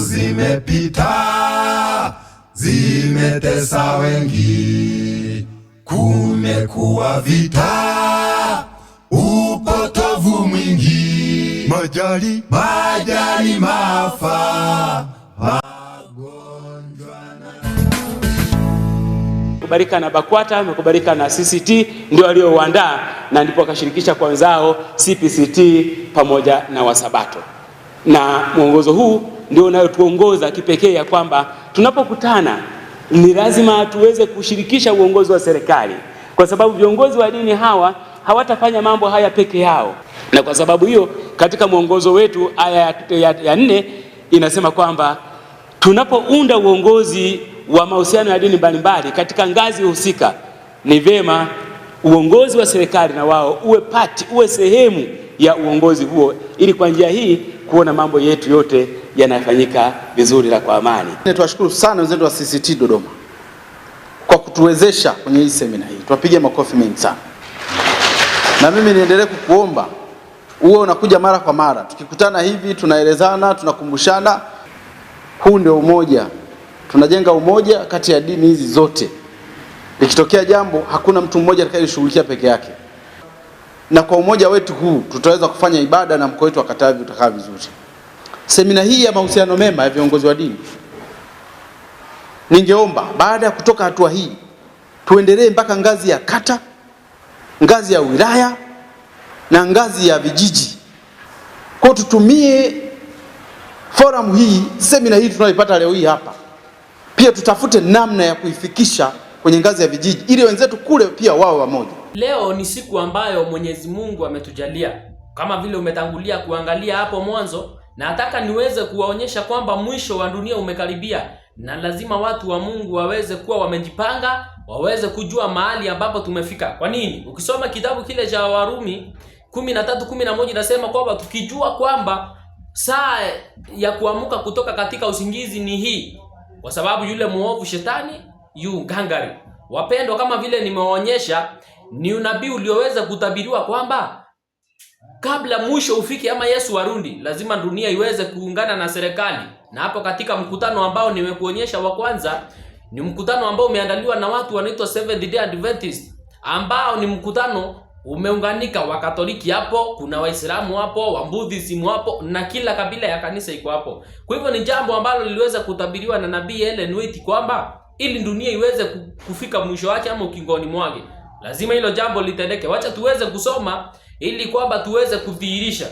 zimepita, zimetesa wengi, kumekuwa vita, upotovu mwingi, majali majali, maafa, Kubarika na BAKWATA, amekubarika na CCT, ndio aliyouandaa na ndipo akashirikisha kwa wenzao CPCT pamoja na Wasabato na mwongozo huu ndio unayotuongoza kipekee ya kwamba tunapokutana ni lazima tuweze kushirikisha uongozi wa serikali, kwa sababu viongozi wa dini hawa hawatafanya mambo haya peke yao. Na kwa sababu hiyo, katika mwongozo wetu aya ya nne inasema kwamba tunapounda uongozi wa mahusiano ya dini mbalimbali katika ngazi husika, ni vyema uongozi wa serikali na wao uwe pati, uwe sehemu ya uongozi huo, ili kwa njia hii kuona mambo yetu yote yanafanyika vizuri na kwa amani. Tuwashukuru sana wenzetu wa CCT Dodoma kwa kutuwezesha kwenye hii semina hii, tuwapige makofi mengi sana. Na mimi niendelee kukuomba uwe unakuja mara kwa mara, tukikutana hivi tunaelezana, tunakumbushana. Huu ndio umoja, tunajenga umoja kati ya dini hizi zote. Ikitokea jambo, hakuna mtu mmoja atakayeshughulikia peke yake, na kwa umoja wetu huu tutaweza kufanya ibada na mkoa wetu wa Katavi utakaa vizuri semina hii ya mahusiano mema ya viongozi wa dini, ningeomba baada ya kutoka hatua hii tuendelee mpaka ngazi ya kata, ngazi ya wilaya na ngazi ya vijiji. Kwa tutumie forum hii, semina hii tunayoipata leo hii hapa, pia tutafute namna ya kuifikisha kwenye ngazi ya vijiji ili wenzetu kule pia wawe wamoja. Leo ni siku ambayo Mwenyezi Mungu ametujalia, kama vile umetangulia kuangalia hapo mwanzo nataka niweze kuwaonyesha kwamba mwisho wa dunia umekaribia, na lazima watu wa Mungu waweze kuwa wamejipanga, waweze kujua mahali ambapo tumefika. Kwa nini? Ukisoma kitabu kile cha Warumi 13:11 inasema kwamba tukijua kwamba saa ya kuamuka kutoka katika usingizi ni hii, kwa sababu yule muovu shetani yu gangari Wapendwa, kama vile nimewaonyesha, ni unabii ulioweza kutabiriwa kwamba kabla mwisho ufike ama Yesu warundi lazima dunia iweze kuungana na serikali. Na hapo katika mkutano ambao nimekuonyesha wa kwanza, ni mkutano ambao umeandaliwa na watu wanaitwa Seventh Day Adventist, ambao ni mkutano umeunganika wa Katoliki hapo, kuna Waislamu hapo, wa Buddhism hapo na kila kabila ya kanisa iko hapo. Kwa hivyo ni jambo ambalo liliweza kutabiriwa na nabii Ellen White kwamba ili dunia iweze kufika mwisho wake ama ukingoni mwake, lazima hilo jambo litendeke. Wacha tuweze kusoma ili kwamba tuweze kudhihirisha.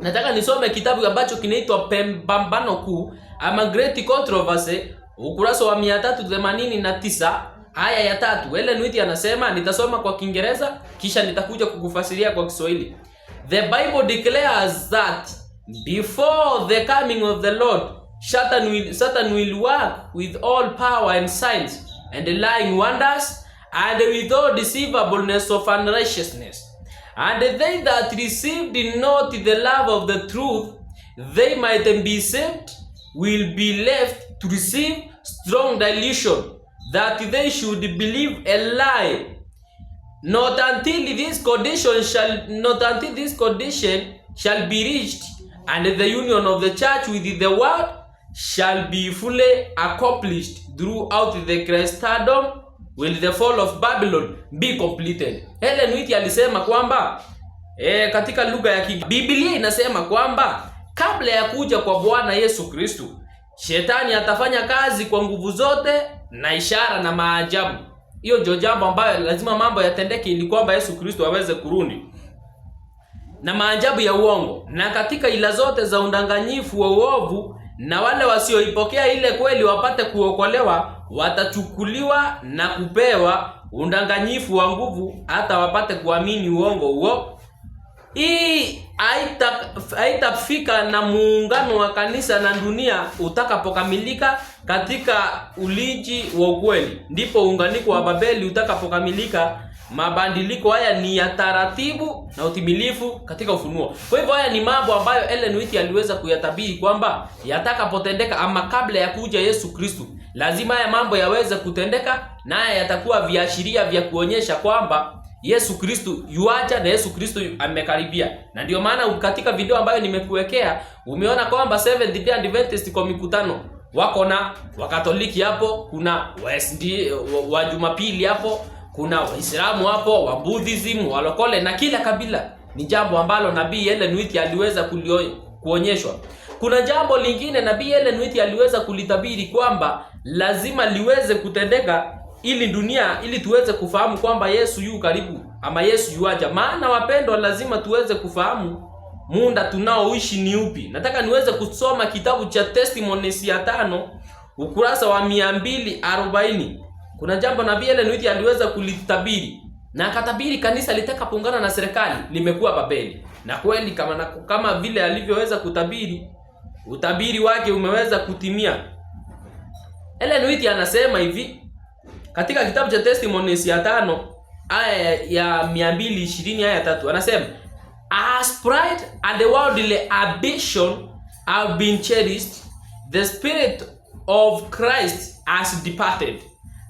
Nataka nisome kitabu ambacho kinaitwa Pambano Kuu ama Great Controversy, ukurasa wa 389 haya ya tatu. Ellen White anasema, nitasoma kwa Kiingereza kisha nitakuja kukufasiria kwa Kiswahili. The Bible declares that before the coming of the Lord Satan will, Satan will work with all power and signs and lying wonders and with all deceivableness of unrighteousness And they that received not the love of the truth, they might be saved, will be left to receive strong delusion, that they should believe a lie. Not until this condition shall not until this condition shall be reached, and the union of the church with the world shall be fully accomplished throughout the Christendom will the fall of Babylon be completed. Hellen White alisema kwamba e, katika lugha ya Biblia inasema kwamba kabla ya kuja kwa Bwana Yesu Kristo, shetani atafanya kazi kwa nguvu zote na ishara na maajabu. Hiyo ndio jambo ambayo lazima mambo yatendeke ili kwamba Yesu Kristo aweze kurudi na maajabu ya uongo na katika ila zote za undanganyifu wa uovu, na wale wasioipokea ile kweli wapate kuokolewa watachukuliwa na kupewa undanganyifu wa nguvu hata wapate kuamini uongo huo. Hii haitafika na muungano wa kanisa na dunia utakapokamilika katika uliji wa ukweli, ndipo uunganiko wa Babeli utakapokamilika. Mabadiliko haya ni ya taratibu na utimilifu katika ufunuo. Kwa hivyo haya ni mambo ambayo Ellen White aliweza kuyatabiri kwamba yatakapotendeka ama kabla ya kuja Yesu Kristo lazima haya mambo yaweze kutendeka, naye yatakuwa viashiria vya kuonyesha kwamba Yesu Kristu yuacha na Yesu Kristu amekaribia. Na ndio maana katika video ambayo nimekuwekea umeona kwamba Seventh Day Adventist kwa mikutano wako na Wakatoliki hapo, kuna wa Jumapili hapo, kuna Waislamu hapo, wa Buddhism, wa Lokole na kila kabila. Ni jambo ambalo nabii Ellen White aliweza kuonyeshwa. Kuna jambo lingine nabii Ellen White aliweza kulitabiri kwamba lazima liweze kutendeka ili dunia ili tuweze kufahamu kwamba Yesu yu karibu ama Yesu yuaja. Maana wapendwa, lazima tuweze kufahamu muda tunaoishi ni upi. Nataka niweze kusoma kitabu cha Testimonies ya tano ukurasa wa mia mbili arobaini. Kuna jambo nabii Ellen White aliweza kulitabiri na akatabiri kanisa litakapoungana na serikali limekuwa Babeli, na kweli kama, kama vile alivyoweza kutabiri, utabiri wake umeweza kutimia. Ellen White anasema hivi katika kitabu cha Testimonies ya tano aya ya 220 aya tatu anasema As pride and the worldly ambition have been cherished the spirit of Christ has departed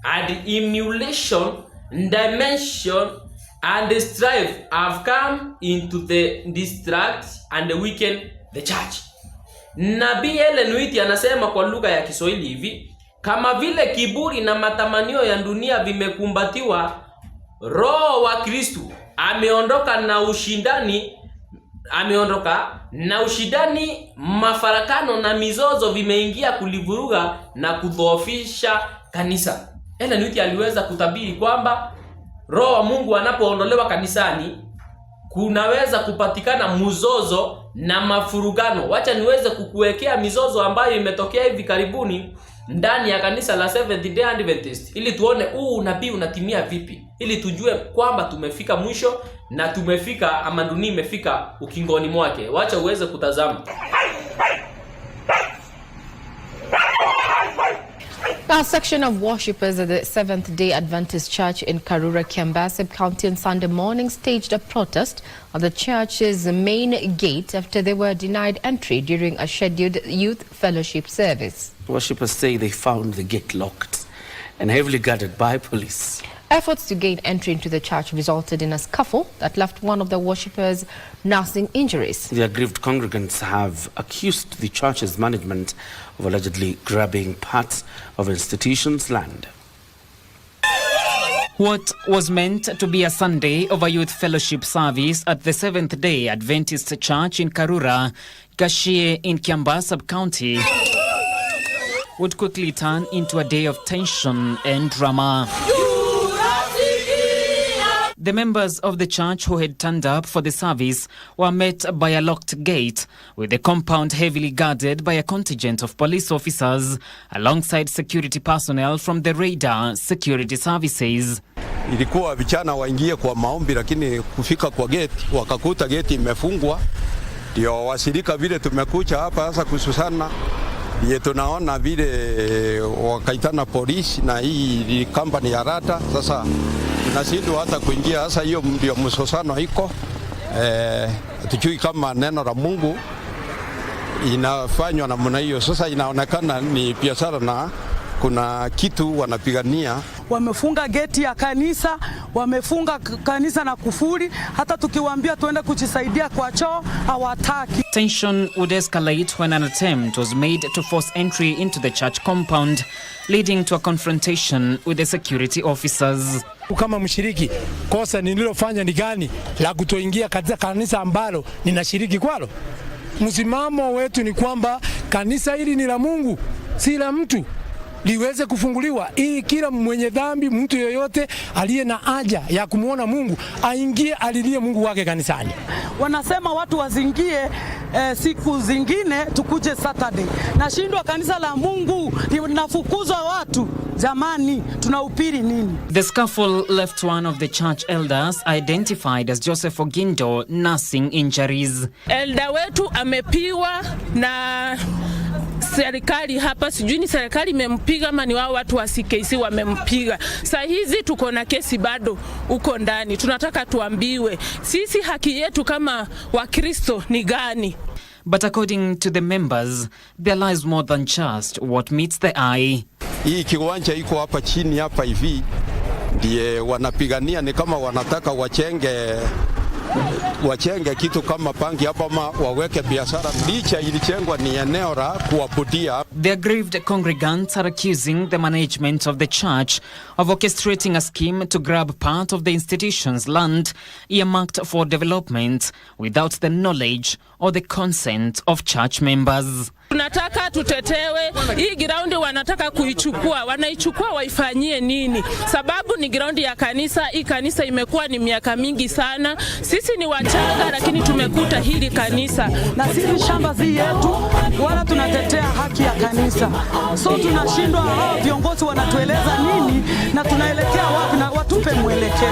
and emulation dimension and the strife have come into the distract and the weaken the church. Nabii Ellen White anasema kwa lugha ya Kiswahili hivi kama vile kiburi na matamanio ya dunia vimekumbatiwa, Roho wa Kristo ameondoka na ushindani, ameondoka na ushindani, mafarakano na mizozo vimeingia kulivuruga na kudhoofisha kanisa. Ellen White aliweza kutabiri kwamba Roho wa Mungu anapoondolewa kanisani kunaweza kupatikana mzozo na mafurugano. Wacha niweze kukuwekea mizozo ambayo imetokea hivi karibuni ndani ya kanisa la Seventh Day Adventist ili tuone huu unabii unatimia vipi, ili tujue kwamba tumefika mwisho na tumefika ama dunia imefika ukingoni mwake. Wacha uweze kutazama. A section of worshippers at the Seventh-day Adventist Church in Karura, Kiambasib County on Sunday morning staged a protest at the church's main gate after they were denied entry during a scheduled youth fellowship service. Worshippers say they found the gate locked and heavily guarded by police. Efforts to gain entry into the church resulted in a scuffle that left one of the worshippers nursing injuries. The aggrieved congregants have accused the church's management of allegedly grabbing parts of institution's land. What was meant to be a Sunday of a youth fellowship service at the Seventh day Adventist Church in Karura, Gashie in Kiamba sub county, would quickly turn into a day of tension and drama. The members of the church who had turned up for the service were met by a locked gate, with the compound heavily guarded by a contingent of police officers alongside security personnel from the Radar Security Services. Ilikuwa vichana waingie kwa maombi, lakini kufika kwa geti wakakuta geti imefungwa. Ndio wasirika vile tumekucha hapa sasa kususana vile tunaona vile wakaitana polisi na hii kampani ya Rata sasa tunashindwa hata kuingia. Sasa hiyo ndio msosano iko eh, tujui kama neno la Mungu inafanywa namna hiyo. Sasa inaonekana ni biashara na kuna kitu wanapigania. Wamefunga geti ya kanisa, wamefunga kanisa na kufuri. Hata tukiwaambia tuende kujisaidia kwa choo hawataki. Tension would escalate when an attempt was made to force entry into the church compound, leading to a confrontation with the security officers yangu kama mshiriki, kosa nililofanya ni gani la kutoingia katika kanisa ambalo ninashiriki kwalo? Msimamo wetu ni kwamba kanisa hili ni la Mungu, si la mtu liweze kufunguliwa ili kila mwenye dhambi, mtu yoyote aliye na haja ya kumwona Mungu aingie, alilie Mungu wake kanisani. Wanasema watu wazingie eh, siku zingine tukuje Saturday. Nashindwa kanisa la Mungu linafukuzwa watu. Jamani, tunahubiri nini? The scuffle left one of the church elders identified as Joseph Ogindo nursing injuries. Elder wetu amepiwa na serikali hapa, sijui ni serikali imempiga ama ni wao watu wa CKC wamempiga. Saa hizi tuko na kesi bado uko ndani, tunataka tuambiwe sisi haki yetu kama Wakristo ni gani? But according to the members, there lies more than just what meets the eye. Hii kiwanja iko hapa chini hapa hivi ndiye wanapigania, ni kama wanataka wachenge wachenge kitu kama pangi hapa ama waweke biashara, licha ilichengwa ni eneo la kuabudia. The aggrieved congregants are accusing the management of the church of orchestrating a scheme to grab part of the institution's land earmarked for development without the knowledge or the consent of church members. Tunata tutetewe hii ground Wanataka kuichukua, wanaichukua waifanyie nini? Sababu ni ground ya kanisa. Hii kanisa imekuwa ni miaka mingi sana. Sisi ni wachanga, lakini tumekuta hili kanisa, na sisi shamba zi yetu, wala tunatetea haki ya kanisa. So tunashindwa, hao viongozi wanatueleza nini na tunaelekea wapi? Na watupe mwelekeo.